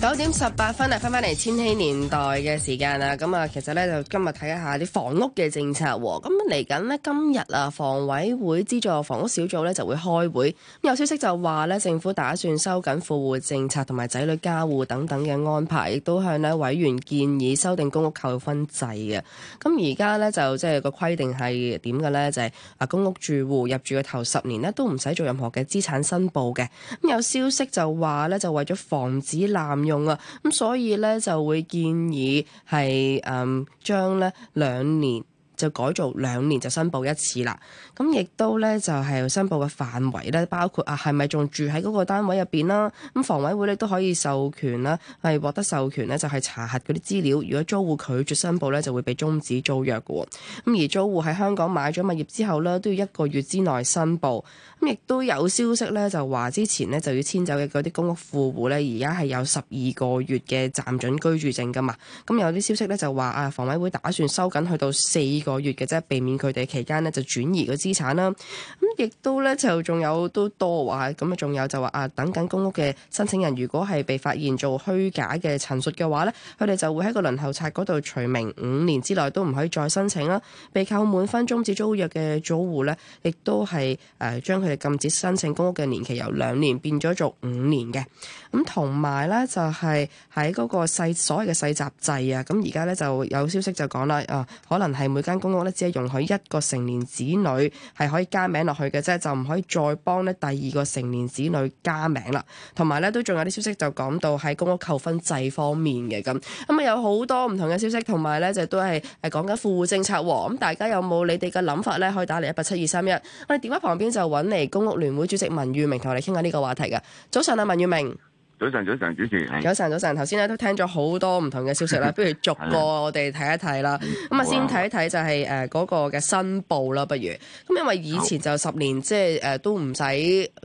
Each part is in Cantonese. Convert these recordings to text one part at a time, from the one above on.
九點十八分啊，翻返嚟千禧年代嘅時間啦，咁啊，其實咧就今日睇一下啲房屋嘅政策。咁嚟緊呢，今日啊，房委會資助房屋小組咧就會開會。咁有消息就話咧，政府打算收緊富戶政策同埋仔女加戶等等嘅安排，亦都向呢委員建議修訂公屋扣分制嘅。咁而家咧就即係個規定係點嘅咧，就係啊公屋住戶入住嘅頭十年呢，都唔使做任何嘅資產申報嘅。咁有消息就話咧，就為咗防止濫用啊，咁所以咧就會建議係誒將咧兩年。就改做兩年就申報一次啦，咁亦都咧就係申報嘅範圍咧，包括啊係咪仲住喺嗰個單位入面啦？咁房委會咧都可以授權啦，係獲得授權咧就係查核嗰啲資料。如果租戶拒絕申報咧，就會被中止租約喎。咁而租戶喺香港買咗物業之後咧，都要一個月之內申報。咁亦都有消息咧就話之前呢就要遷走嘅嗰啲公屋富戶咧，而家係有十二個月嘅暫準居住證㗎嘛。咁有啲消息咧就話啊房委會打算收緊去到四。個月嘅啫，避免佢哋期間呢就轉移個資產啦。咁亦都咧就仲有都多話，咁啊仲有就話啊等緊公屋嘅申請人，如果係被發現做虛假嘅陳述嘅話咧，佢哋就會喺個輪候冊嗰度除名，五年之內都唔可以再申請啦。被扣滿分終止租約嘅租戶咧，亦都係誒將佢哋禁止申請公屋嘅年期由兩年變咗做五年嘅。咁同埋咧就係喺嗰個世，所謂嘅世襲制啊，咁而家咧就有消息就講啦，啊可能係每間。公屋咧只係容許一個成年子女係可以加名落去嘅啫，就唔可以再幫咧第二個成年子女加名啦。同埋咧都仲有啲消息就講到喺公屋扣分制方面嘅咁咁啊，有好多唔同嘅消息，同埋咧就都係誒講緊富戶政策。咁大家有冇你哋嘅諗法咧？可以打嚟一八七二三一。我哋電話旁邊就揾嚟公屋聯會主席文裕明同我哋傾下呢個話題㗎。早上啊，文裕明。早晨，早晨，主持早晨。早晨，早晨，頭先咧都聽咗好多唔同嘅消息啦， 不如逐個我哋睇一睇啦。咁啊，先睇一睇就係嗰個嘅申報啦，不如。咁因為以前就十年，即係好都唔使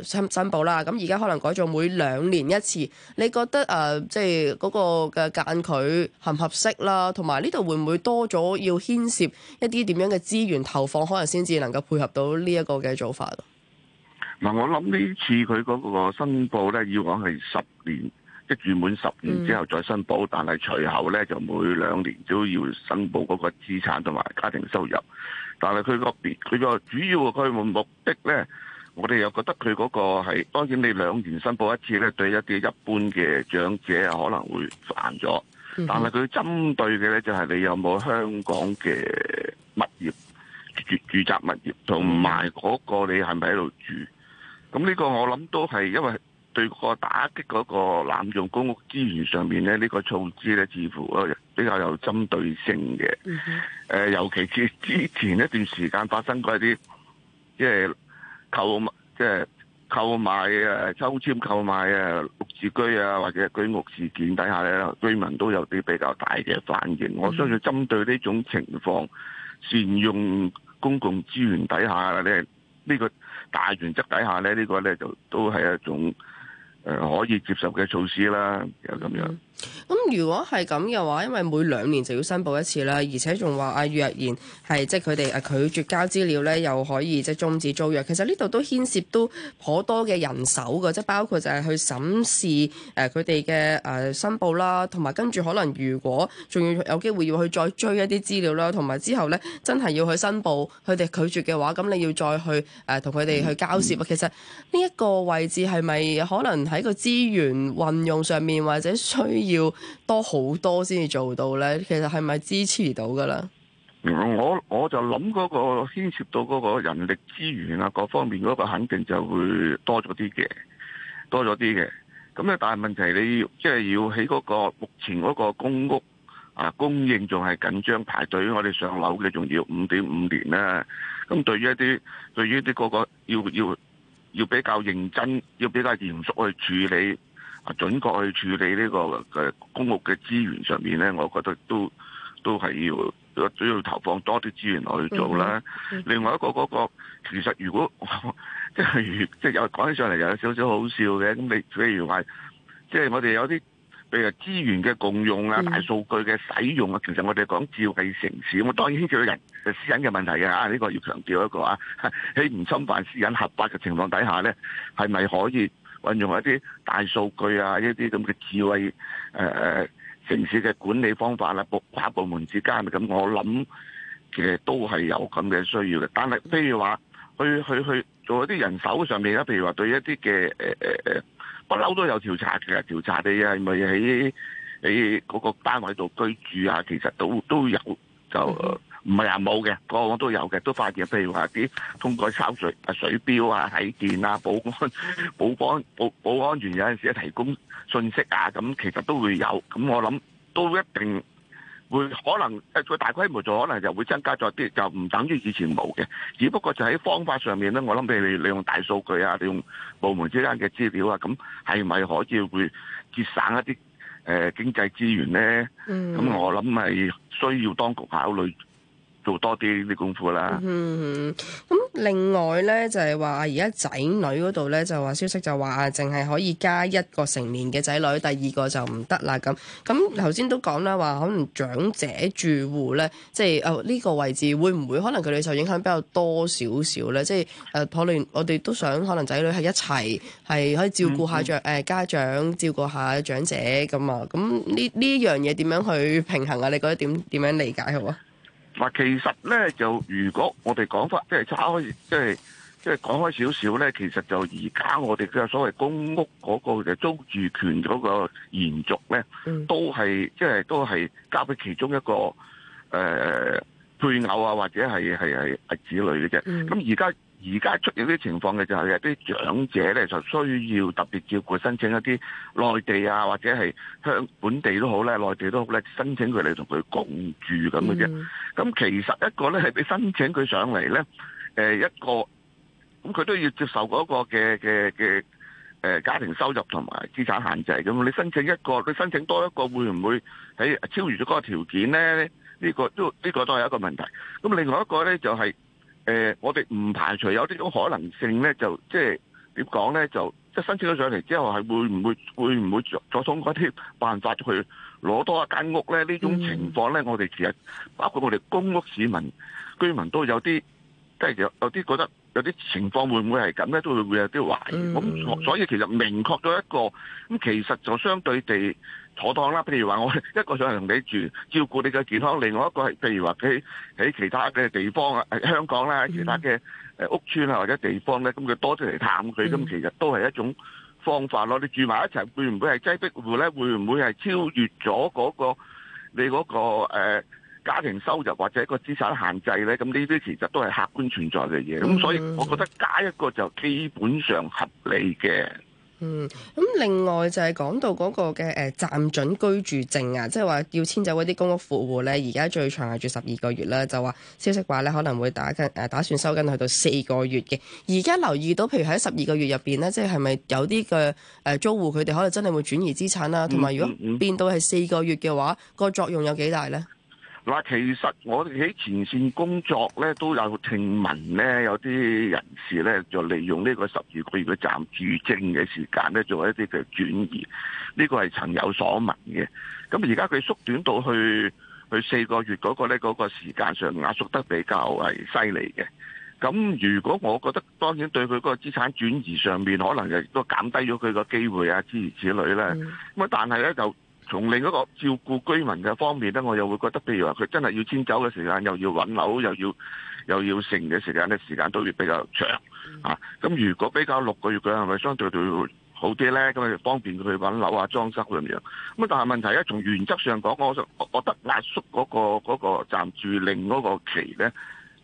申申報啦。咁而家可能改做每兩年一次，你覺得即係嗰個嘅間距合唔合適啦？同埋呢度會唔會多咗要牽涉一啲點樣嘅資源投放，可能先至能夠配合到呢一個嘅做法咯？嗱，我諗呢次佢嗰個申報呢，要講係十年，即住滿十年之後再申報，嗯、但係隨後呢，就每兩年都要申報嗰個資產同埋家庭收入。但係佢個別，佢個主要個目目的呢，我哋又覺得佢嗰個係，當然你兩年申報一次呢，對一啲一般嘅長者啊，可能會煩咗。嗯、哼但係佢針對嘅呢，就係、是、你有冇香港嘅物業住、住宅物業，同埋嗰個你係咪喺度住？咁呢個我諗都係因為對個打擊嗰個濫用公屋資源上面咧，呢個措施咧似乎比較有針對性嘅。尤其是之前一段時間發生過一啲即係購物即係購買抽籤、即係、購買誒綠置居啊，或者居屋事件底下咧，居民都有啲比較大嘅反應。我相信針對呢種情況，善用公共資源底下咧呢、個大原則底下咧，呢個咧就都係一種誒可以接受嘅措施啦，就咁樣。咁如果係咁嘅話，因為每兩年就要申報一次啦，而且仲話啊，若然係即係佢哋啊拒絕交資料咧，又可以即係中止租約。其實呢度都牽涉到頗多嘅人手㗎，即係包括就係去審視誒佢哋嘅誒申報啦，同埋跟住可能如果仲要有機會要去再追一啲資料啦，同埋之後咧真係要去申報佢哋拒絕嘅話，咁你要再去誒同佢哋去交涉。其實呢一個位置係咪可能喺個資源運用上面或者需要多好多先至做到咧？其實係咪支持到噶啦？我我就諗嗰個牽涉到嗰個人力資源啊，各方面嗰個肯定就會多咗啲嘅，多咗啲嘅。咁咧，但係問題是你，你即係要喺嗰個目前嗰個公屋啊供應仲係緊張排隊，我哋上樓嘅仲要五點五年啦，咁對於一啲對於啲嗰個要要要比較認真，要比較嚴肅去處理。準確去處理呢個公屋嘅資源上面咧，我覺得都都係要都要投放多啲資源落去做啦。Mm hmm. mm hmm. 另外一個嗰、嗰個其實如果即係即係講起上嚟有少少好笑嘅，咁你譬如話，即、就、係、是、我哋有啲譬如說資源嘅共用啊、大數據嘅使用啊，mm hmm. 其實我哋講智慧城市，我當然牽涉到人私隱嘅問題啊。呢、呢個要強調一個啊，喺唔侵犯私隱合法嘅情況底下咧，係咪可以？運用一啲大數據啊，一啲咁嘅智慧誒誒、呃、城市嘅管理方法啦，部跨部門之間咁，我諗其實都係有咁嘅需要嘅。但係譬如話去去去做一啲人手上面，啦，譬如話對一啲嘅誒誒誒，不、呃、嬲、呃、都有調查嘅，調查你係咪喺喺嗰個單位度居住啊？其實都都有就。唔係啊，冇嘅，個個都有嘅，都發現。譬如話啲通過抄水水錶啊、睇電啊、保安、保安、保保安員有陣時提供信息啊，咁其實都會有。咁我諗都一定會可能誒，再大規模就可能就會增加咗啲，就唔等於以前冇嘅。只不過就喺方法上面咧，我諗譬如你用大數據啊，你用部門之間嘅資料啊，咁係咪可以會節省一啲誒經濟資源咧？咁我諗係需要當局考慮。做多啲啲功夫啦、嗯。嗯，咁、嗯、另外呢，就係話而家仔女嗰度呢，就話消息就話淨係可以加一個成年嘅仔女，第二個就唔得啦。咁咁頭先都講啦，話可能長者住戶呢，即係誒呢個位置會唔會可能佢哋受影響比較多少少呢？即係誒，可、呃、能我哋都想可能仔女係一齊係可以照顧下長誒、嗯嗯、家長照顧下長者咁啊。咁呢呢樣嘢點樣去平衡啊？你覺得點點樣理解好啊？嗱，其實咧就，如果我哋講翻，即係叉開，即係即係講開少少咧，其實就而家我哋嘅所謂公屋嗰個嘅租住權嗰個延續咧，都係即係都係交俾其中一個誒、呃配偶啊，或者係係係係子女嘅啫。咁而家而家出現啲情況嘅就係啲長者咧，就需要特別照顧，申請一啲內地啊，或者係向本地都好咧，內地都好咧，申請佢嚟同佢共住咁嘅啫。咁其實一個咧係你申請佢上嚟咧，誒一個咁佢都要接受嗰個嘅嘅嘅誒家庭收入同埋資產限制咁。你申請一個，佢申請多一個，會唔會喺超越咗嗰個條件咧？呢個都呢個都係一個問題。咁另外一個咧就係，誒，我哋唔排除有呢種可能性咧，就即係點講咧，就即係申請咗上嚟之後，係會唔會會唔會再通過一啲辦法去攞多一間屋咧？呢種情況咧，我哋其實包括我哋公屋市民居民都有啲，即係有有啲覺得。有啲情況會唔會係咁咧？都會會有啲懷疑。咁所以其實明確咗一個咁，其實就相對地妥當啦。譬如話，我一個就係同你住照顧你嘅健康，另外一個係譬如話喺喺其他嘅地方啊，誒香港啦，其他嘅誒屋邨啊或者地方咧，咁佢多出嚟探佢咁，其實都係一種方法咯。你住埋一齊會唔會係擠迫戶咧？會唔會係超越咗嗰個你嗰個誒？家庭收入或者個資產限制呢，咁呢啲其實都係客觀存在嘅嘢。咁所以，我覺得加一個就基本上合理嘅。嗯，咁另外就係講到嗰個嘅誒暫准居住證啊，即係話要遷走嗰啲公屋戶戶呢，而家最長係住十二個月啦。就話消息話呢可能會打緊誒，打算收緊去到四個月嘅。而家留意到，譬如喺十二個月入邊呢，即係係咪有啲嘅誒租戶佢哋可能真係會轉移資產啦、啊，同埋、嗯嗯嗯、如果變到係四個月嘅話，個作用有幾大呢？嗱，其實我哋喺前線工作咧，都有聽聞咧，有啲人士咧就利用呢個十二個月嘅暫住證嘅時間咧，做一啲嘅轉移，呢、這個係曾有所聞嘅。咁而家佢縮短到去去四個月嗰個咧，嗰、那個時間上壓縮得比較係犀利嘅。咁如果我覺得，當然對佢個資產轉移上面，可能亦都減低咗佢個機會啊，諸如此類、嗯、呢。咁啊，但係咧就。從另一個照顧居民嘅方面咧，我又會覺得，譬如話佢真係要遷走嘅時間，又要揾樓，又要又要剩嘅時間咧，時間都要比較長、嗯、啊。咁如果比較六個月，佢係咪相對度好啲咧？咁啊方便佢去揾樓啊裝修咁樣。咁啊，但係問題咧，從原則上講，我我覺得壓縮嗰個嗰、嗰個、暫住令嗰個期咧。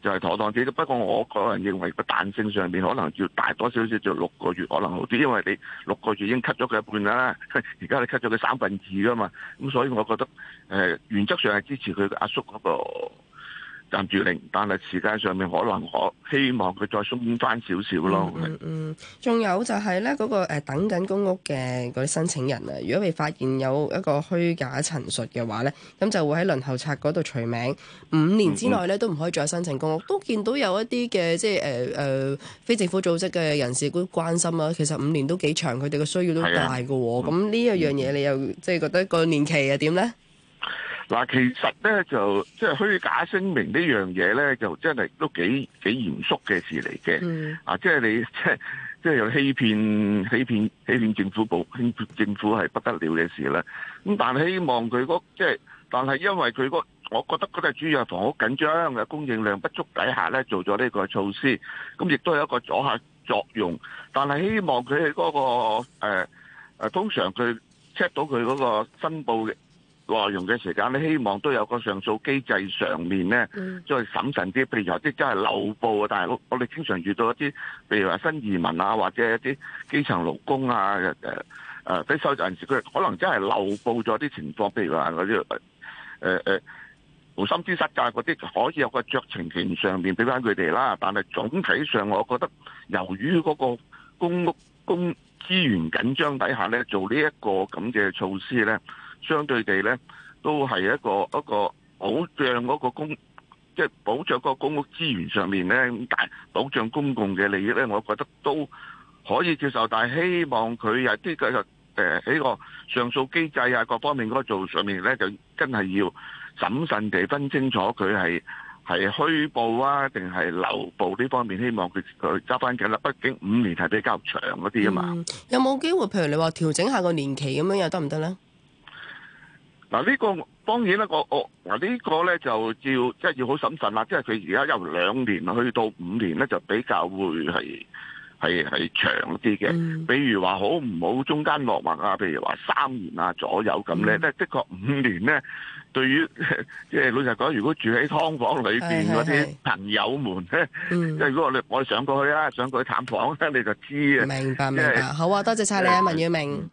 就係妥當啲，不過我個人認為個彈性上面可能要大多少少，就六個月可能好啲，因為你六個月已經 cut 咗佢一半啦，而家你 cut 咗佢三分之二噶嘛，咁所以我覺得誒、呃、原則上係支持佢阿叔嗰、嗰個。暫住令，但係時間上面可能我希望佢再鬆翻少少咯。嗯、嗯、仲有就係咧嗰個、呃、等緊公屋嘅嗰啲申請人啊，如果被發現有一個虛假陳述嘅話咧，咁就會喺輪候冊嗰度除名，五年之內咧都唔可以再申請公屋。都見到有一啲嘅即係誒誒非政府組織嘅人士都關心啊，其實五年都幾長，佢哋嘅需要都大㗎喎。咁呢一樣嘢你又即係覺得個年期係點咧？嗱，其實咧就即係、就是、虛假聲明呢樣嘢咧，就真係都幾幾嚴肅嘅事嚟嘅。Mm. 啊，即、就、係、是、你即係即係有欺騙、欺騙、欺騙政府部、欺騙政府係不得了嘅事啦。咁但係希望佢嗰即係，但係因為佢嗰，我覺得嗰個主要係房屋緊張嘅供應量不足底下咧，做咗呢個措施，咁亦都有一個阻嚇作用。但係希望佢喺嗰個誒、啊啊、通常佢 check 到佢嗰個申報嘅。話用嘅時間，你希望都有個上訴機制上面咧，嗯、再係審慎啲。譬如有啲真係漏報啊，但係我我哋經常遇到一啲，譬如話新移民啊，或者一啲基層勞工啊，誒誒啲受助人士，佢可能真係漏報咗啲情況。譬如話嗰啲誒無心之失㗎嗰啲，可以有個酌情權上面俾翻佢哋啦。但係總體上，我覺得由於嗰個公屋公資源緊張底下咧，做呢一個咁嘅措施咧。相對地咧，都係一個一個保障嗰個公，即係保障嗰個公屋資源上面咧，咁大保障公共嘅利益咧，我覺得都可以接受。但係希望佢又啲嘅誒喺個、呃、上訴機制啊，各方面嗰度上面咧，就真係要審慎地分清楚佢係係虛報啊，定係漏報呢方面。希望佢佢揸翻緊啦，畢竟五年係比較長嗰啲啊嘛。嗯、有冇機會譬如你話調整下個年期咁樣又得唔得咧？行嗱呢、這個當然啦，我我嗱呢個咧就照，即係要好審慎啦，即係佢而家由兩年去到五年咧，就比較會係係係長啲嘅、嗯。比如話好唔好中間落墨啊？譬如話三年啊左右咁咧，即係、嗯、的確五年咧，對於即係老實講，如果住喺劏房裏面嗰啲朋友們咧，即係 如果你我上過去啦，上過去探房咧，你就知啊。明白明白，就是、好啊，多謝晒你啊，文裕明。